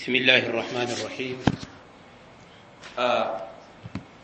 بسم الله الرحمن الرحيم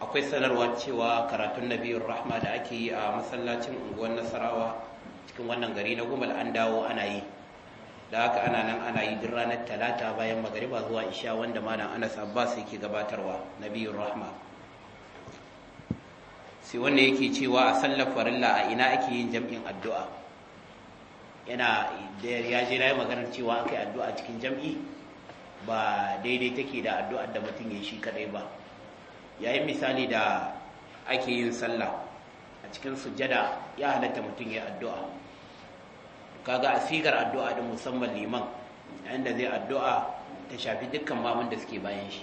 akwai sanarwa cewa karatun nabiyar rahma da ake yi a masallacin unguwar nasarawa cikin wannan gari na gumal an dawo ana yi da haka ana nan ana yi duk ranar talata bayan magariba zuwa isha wanda malam anas abbas yake gabatarwa nabiyar rahma sai wanda yake cewa a sallar farilla a ina ake yin jam'in addu'a yana da ya na yi maganar cewa aka yi addu'a cikin jam'i ba daidai take da addu'ar da mutum ya shi kadai ba yayin misali da ake yin sallah a cikin sujjada ya halatta mutum ya addu'a kaga asigar addu'a da musamman liman yayin da zai addu'a ta shafi dukkan mamun da suke bayan shi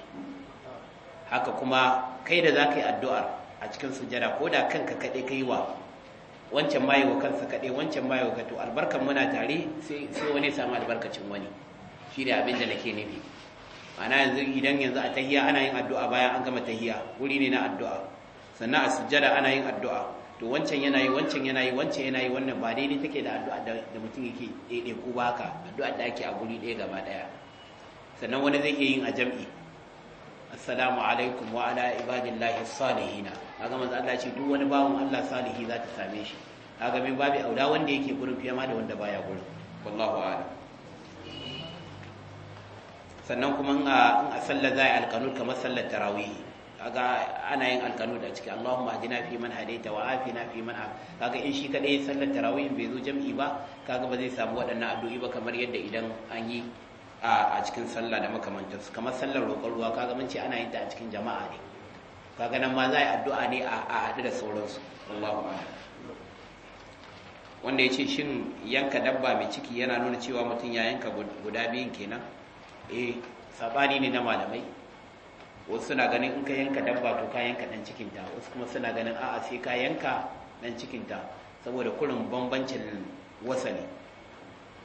haka kuma kai da za ka yi addu'ar a cikin sujada ko da kanka kaɗai ka yi wa wancan mayewa kansa kaɗai wancan mayewa ka to albarkan muna tare sai wani samu albarkacin wani ne abin da nake nufi ana yanzu idan yanzu a tahiya ana yin addu'a bayan an gama tahiya wuri ne na addu'a sannan a sujjada ana yin addu'a to wancan yana yi wancan yana yi wancan yana yi wannan ba daidai take da addu'a da mutum yake ɗaiɗai ko ba baka addu'a da ake a guri ɗaya gaba ɗaya sannan wani zai iya yin a jam'i assalamu alaikum wa ala ibadillahi salihina kaga manzo Allah ce duk wani bawon Allah salihi za ta same shi kaga min babu auda wanda yake gurin fiye ma da wanda baya gurin wallahu a'lam sannan kuma in a sallar za a yi alkanud kamar sallar tarawih kaga ana yin alkanud a ciki Allahumma ajina fi man hadaita wa afina fi man af kaga in shi kadai sallar tarawih bai zo jam'i ba kaga ba zai samu waɗannan addu'o'i ba kamar yadda idan an yi a cikin sallah da su? kamar sallar roƙon ruwa kaga mun ce ana yin ta a cikin jama'a ne kaga nan ma za a yi addu'a ne a haɗu da sauransu Allahu wanda ya ce shin yanka dabba mai ciki yana nuna cewa mutum ya yanka guda biyun kenan eh sabani ne na malamai wasu suna ganin in ka yanka dabba to ka yanka dan cikin ta wasu kuma suna ganin a'a sai ka yanka dan cikin ta saboda kurin bambancin wasani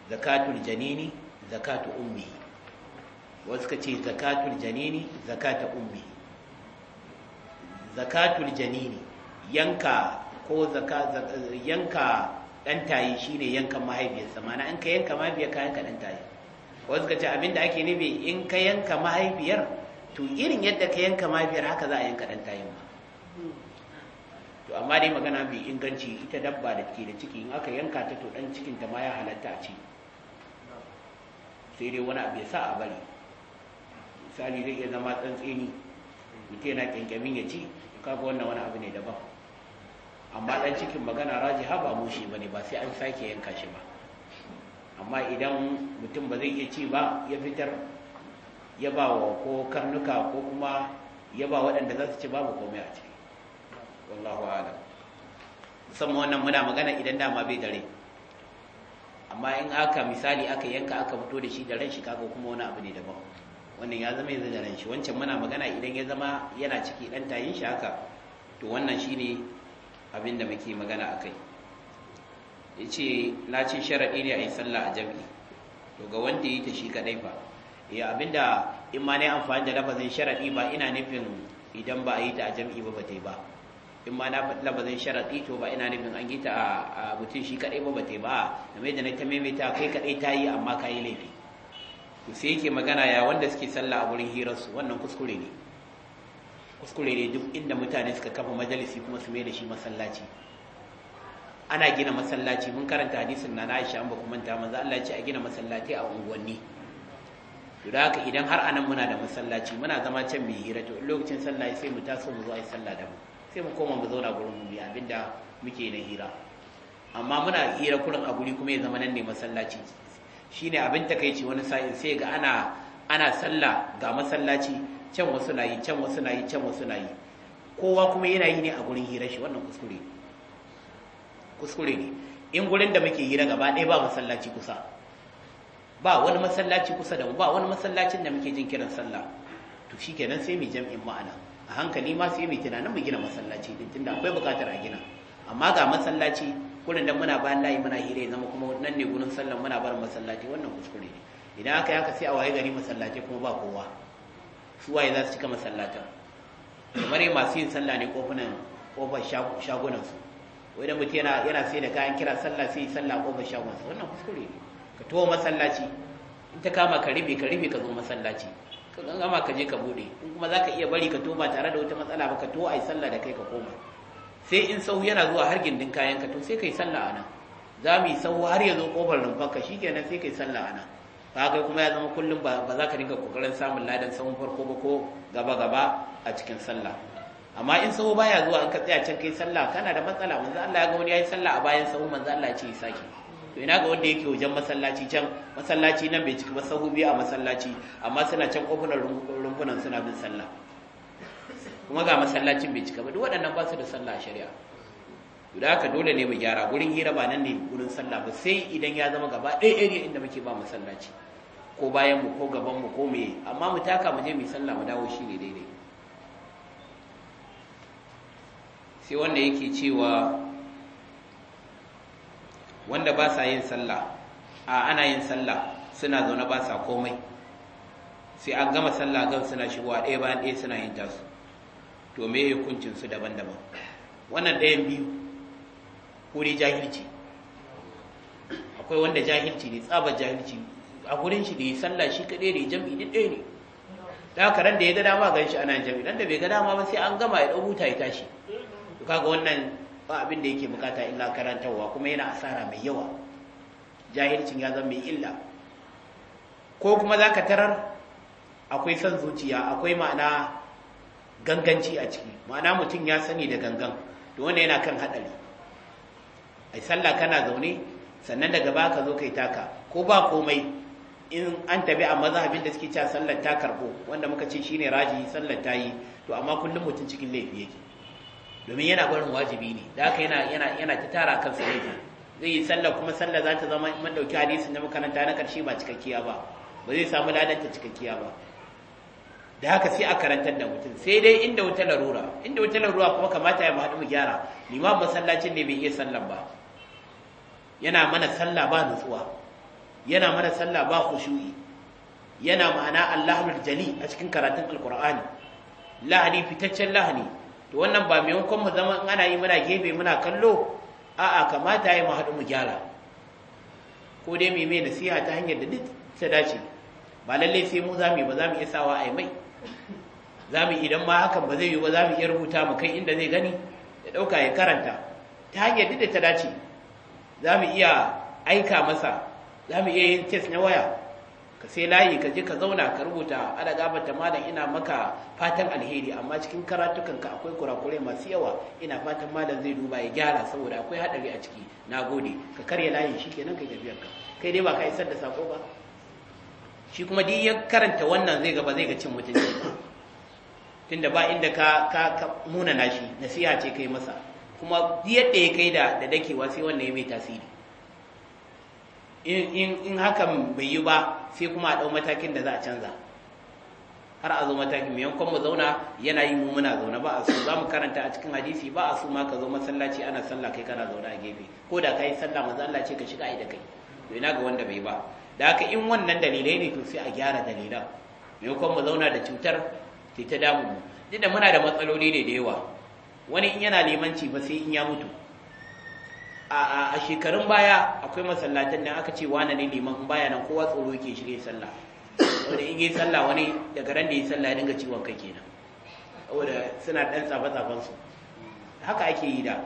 zakatul janini zakatu ummi wasu ka ce zakatul janini zakata ummi zakatul janini yanka ko zaka yanka dan tayi shine yankan mahaifiyarsa ma'ana in ka yanka mahaifiyar ka yanka dan tayi wasu ka ce abin da ake nufi in ka yanka mahaifiyar to irin yadda ka yanka mahaifiyar haka za a yanka ɗan tayin ma to amma dai magana mai inganci ita dabba da ke da ciki in aka yanka ta to ɗan cikin ta ma ya halatta a ci sai dai wani abu ya sa a bari misali zai iya zama tsantseni mutum yana kyankyamin ya ci kaga wannan wani abu ne daban amma ɗan cikin magana raji ba mushi ba ne ba sai an sake yanka shi ba amma idan mutum ba zai iya ci ba ya fitar ya ba wa ko karnuka ko kuma ya ba waɗanda za su ci babu komai a ciki wallahu ala musamman wannan muna magana idan dama bai dare amma in aka misali aka yanka aka fito da shi da ran shi kaga kuma wani abu ne daban wannan ya zama yanzu da ran shi wancan muna magana idan ya zama yana ciki dan tayin shi haka to wannan shine abin da muke magana akai ya ce lacin sharaɗi ne a yi sallah a jam'i to ga wanda yi ta shi kaɗai fa ya eh, abinda in ma ne amfani da lafazin sharaɗi ba ina nufin idan ba a yi ta a jam'i ba bata ba in ma na lafazin sharaɗi to ba ina nufin an yi ta a mutum shi kaɗai ba ba ba game da na ta maimaita kai kaɗai ta yi amma ka yi laifi to sai yake magana ya wanda suke sallah a wurin hirarsu wannan kuskure ne kuskure ne duk inda mutane suka kafa majalisi kuma su mai da shi masallaci ana gina masallaci mun karanta hadisin na Aisha an ba kuma manta manzo Allah ya ce a gina masallaci a unguwanni to da haka idan har anan muna da masallaci muna zama can mai hira to lokacin sallah sai mu taso mu zo ai sallah da mu sai mu koma mu zauna gurin mu biya abinda muke na hira amma muna hira kurin a guri kuma ya zama nan ne masallaci shine abin takeici wani sa'in sai ga ana ana sallah ga masallaci can wasu na yi can wasu na yi can wasu na yi kowa kuma yana yi ne a gurin hirar shi wannan kuskure kuskure ne in gurin da muke yi hira gaba ɗaya ba masallaci kusa ba wani masallaci kusa da mu ba wani masallacin da muke jin kiran sallah to shikenan sai mu jam'in ma'ana a hankali ma sai mu tunanin mu gina masallaci din tunda akwai bukatar a gina amma ga masallaci kurin da muna bayan layi muna hira zama kuma nan ne gurin sallan muna bar masallaci wannan kuskure ne idan aka yi haka sai a waye gari masallaci kuma ba kowa su waye za su cika masallatan kamar masu yin sallah ne kofunan kofar shagunan wani mutum yana yana sai da kayan kira sallah sai sallah ko ba shagon sa wannan kuskure ne ka to masallaci in ta kama ka ribe ka ribe ka zo masallaci ka gangama ka je ka bude in kuma ka iya bari ka to ba tare da wata matsala ba ka to yi sallah da kai ka koma sai in sau yana zuwa har gindin kayan ka to sai kai sallah anan za mu yi sau har ya zo shi ke nan sai kai sallah anan ba kai kuma ya zama kullum ba za ka dinga kokarin samun ladan sahun farko ba ko gaba gaba a cikin sallah amma in sahu baya zuwa in ka tsaya can kai sallah kana da matsala manzo Allah ya ga wani yayi sallah a bayan sahu manzo Allah ya ce sake to ina ga wanda yake wajen masallaci can masallaci nan bai cika ba sahu a masallaci amma suna can kofunan rumfunan suna bin sallah kuma ga masallacin bai cika ba duk waɗannan ba su da sallah shari'a to haka dole ne mu gyara gurin hira ba nan ne gurin sallah ba sai idan ya zama gaba ɗaya area inda muke ba masallaci ko bayan mu ko gaban mu ko me amma mu taka mu je mu sallah mu dawo shine daidai sai wanda yake cewa wanda ba sa yin sallah a ana yin sallah suna zaune ba sa komai sai an gama sallah gan suna shigowa ɗaya bayan ɗaya suna yin tasu to me yi su daban-daban wannan ɗayan biyu kuri jahilci akwai wanda jahilci ne tsabar jahilci a gurin shi da yi sallah shi kaɗai ne jam'i ɗin ɗaya ne da haka ran da ya ga dama gan shi ana jam'i ɗan da bai ga dama ba sai an gama ya ɗau huta ya tashi to kaga wannan ba abin da yake bukata illa karantarwa kuma yana asara mai yawa jahilcin ya zama mai illa ko kuma za ka tarar akwai son zuciya akwai ma'ana ganganci a ciki ma'ana mutum ya sani da gangan to wanda yana kan haɗari ai sallah kana zaune sannan daga ba ka zo kai taka ko ba komai in an tabi a mazhabin da suke cewa sallar ta karbo wanda muka ce shine raji sallar ta yi to amma kullum mutum cikin laifi yake domin yana barin wajibi ne da haka yana yana yana ta tara kansa laifi zai yi sallah kuma sallah za ta zama mun dauki hadisin da makaranta na karshe ba cikakkiya ba ba zai samu ladanta cikakkiya ba da haka sai a karantar da mutum sai dai inda wuta larura inda wuta larura kuma kamata ya haɗu mu gyara limam masallacin ne bai iya sallan ba yana mana sallah ba nutsuwa yana mana sallah ba khushu'i yana ma'ana Allahul jali a cikin karatun Alƙur'ani. lahani fitaccen lahani to wannan ba maimakon mu zama ana yi muna gefe muna kallo 'a kamata yi mu haɗu mu gyara ko dai mai mai nasiha ta hanyar da duk ta dace ba lallai sai mu zami ba zami iya sawa a yi mai zami idan ma hakan ba zai yi ba zamu iya rubuta mu kai inda zai gani ya ɗauka ya karanta ta hanyar duk da ta dace zamu iya aika masa zami iya yin test na waya ka sai layi ka je ka zauna ka rubuta ana gabata malam ina maka fatan alheri amma cikin karatukan ka akwai kurakure masu yawa ina fatan malam zai duba ya gyara saboda akwai hadari a ciki na gode. ka karya layin shi kenan kai tafiyar ka kai dai ba ka isar da sako ba shi kuma duk ya karanta wannan zai gaba zai ga cin mutunci tunda ba inda ka ka, ka muna nashi nasiha ce kai masa kuma duk yadda ya kai da da dakewa sai wannan ya mai tasiri in in in hakan bai yi ba sai kuma a ɗau matakin da za a canza har a zo matakin mai yankon mu zauna yana yi mumuna zauna ba a so za mu karanta a cikin hadisi ba a so ma ka zo masallaci ana sallah kai kana zaune a gefe ko da ka yi sallah masallaci Allah ce ka shiga ai da kai to ina ga wanda bai ba da haka in wannan dalilai ne to sai a gyara dalilan maimakon mu zauna da cutar ta ta damu mu duk muna da matsaloli ne da yawa wani in yana limanci ba sai in ya mutu a shekarun baya akwai masallatan da aka ce wane ne liman baya nan kowa tsoro yake shirya sallah wanda in yi sallah wani daga ran da yi sallah ya dinga ciwon kai kenan saboda suna dan tsafa-tsafan su haka ake yi da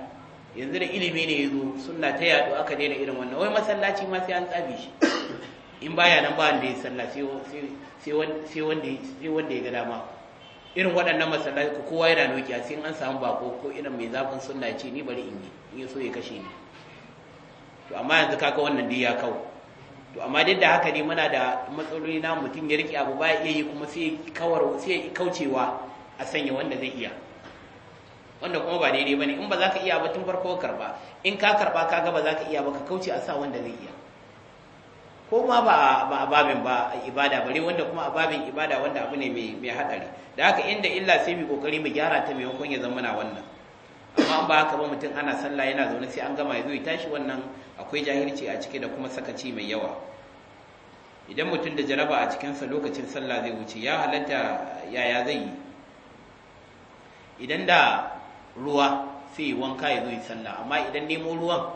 yanzu da ilimi ne ya zo suna ta yadu aka daina irin wannan wai masallaci ma sai an tsafi shi in baya nan ba wanda ya sallah sai wanda ya ga dama irin waɗannan masallaci kowa yana nokiya sai an samu bako ko irin mai zafin sunna ce ni bari in yi in so ya kashe ni to amma yanzu kaka wannan dai ya kawo to amma duk da haka ne muna da matsaloli na mutum ya rike abu ba ya yi kuma sai kawar sai kaucewa a sanya wanda zai iya wanda kuma ba daidai bane in ba za ka iya ba tun farko karba in ka karba ka ga ba za ka iya ba ka kauce a sa wanda zai iya ko ma ba ba babin ba ibada bare wanda kuma babin ibada wanda abu ne mai hadari da haka inda illa sai mu kokari mu gyara ta maimakon ya zama wannan amma ba haka ba mutum ana sallah yana zaune sai an gama ya zo ya tashi wannan akwai jahilci a cike da kuma sakaci mai yawa idan mutum da jaraba a cikinsa lokacin sallah zai wuce ya halatta yaya zai yi idan da ruwa sai wanka ya zo yi sallah amma idan nemo ruwan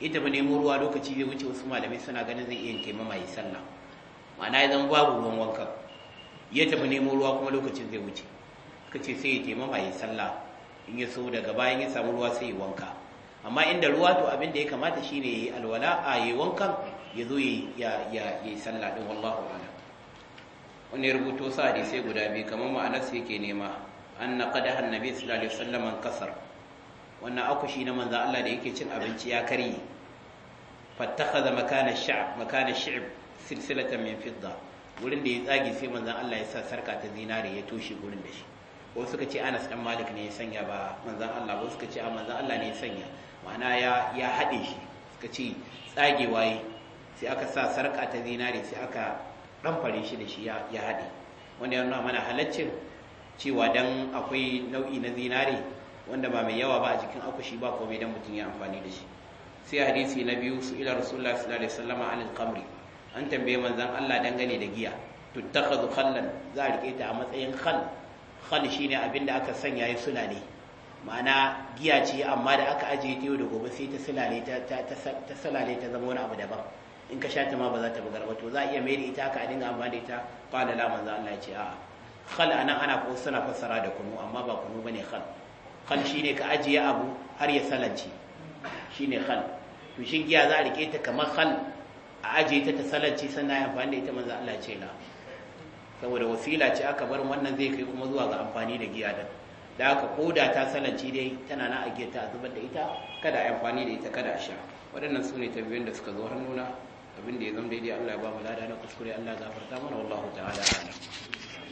ita ba nemo ruwa lokaci zai wuce wasu malamai suna ganin zai iya taimama yi sallah ma'ana ya zama babu ruwan wanka ya tafi nemo ruwa kuma lokacin zai wuce suka ce sai ya taimama yi sallah in ya so daga bayan ya samu ruwa sai yi wanka amma inda ruwa to abin da ya kamata shine yi alwala a yayi wankan ya zo ya yi sallah din wallahu wani rubuto sa da sai guda biyu kamar ma'anar sai yake nema anna qadaha annabi sallallahu alaihi wasallam kasar wannan akushi na manza Allah da yake cin abinci ya karye fattakhadha da ash-sha'b makana ash silsilatan min fidda wurin da ya tsage sai manzan Allah ya sa sarka ta zinare ya toshe gurin da shi ko suka ce Anas dan Malik ne ya sanya ba manzon Allah ko suka ce a manzon Allah ne ya sanya ma'ana ya ya shi suka ce tsage waye sai aka sa sarka ta zinare sai aka ɗanfare shi da shi ya ya hade wanda ya nuna mana halaccin cewa dan akwai nau'i na zinare wanda ba mai yawa ba a jikin akushi ba komai dan mutum ya amfani da shi sai hadisi na biyu su ila rasulullah sallallahu alaihi wasallam anil qamri an tambaye manzan Allah dangane da giya tuttakhadhu khallan za a rike ta a matsayin khall khan shine abin da aka sanya ya suna ne ma'ana giya ce amma da aka ajiye ta yau da gobe sai ta sulale ta ta sulale ta zama wani abu daban in ka shata ma ba za ta bugar ba to za a iya mai da ita aka dinga amma da ita qala la manzo Allah ya ce a'a khal anan ana ko suna fassara da kunu amma ba kunu bane khal khal shine ka ajiye abu har ya salance shine khal to shin giya za a rike ta kamar khal a ajiye ta ta salance sannan ya amfani da ita manzo Allah ya ce la saboda wasila ce aka bar wannan zai kai kuma zuwa ga amfani da giya da, da aka koda ta salanci dai tana na a gita zubar da ita kada a amfani da ita kada a sha waɗannan su ne biyun da suka zo hannuna abin da ya zama daidai Allah ya ba mu lada na kuskure Allah ya mana wallahu ta'ala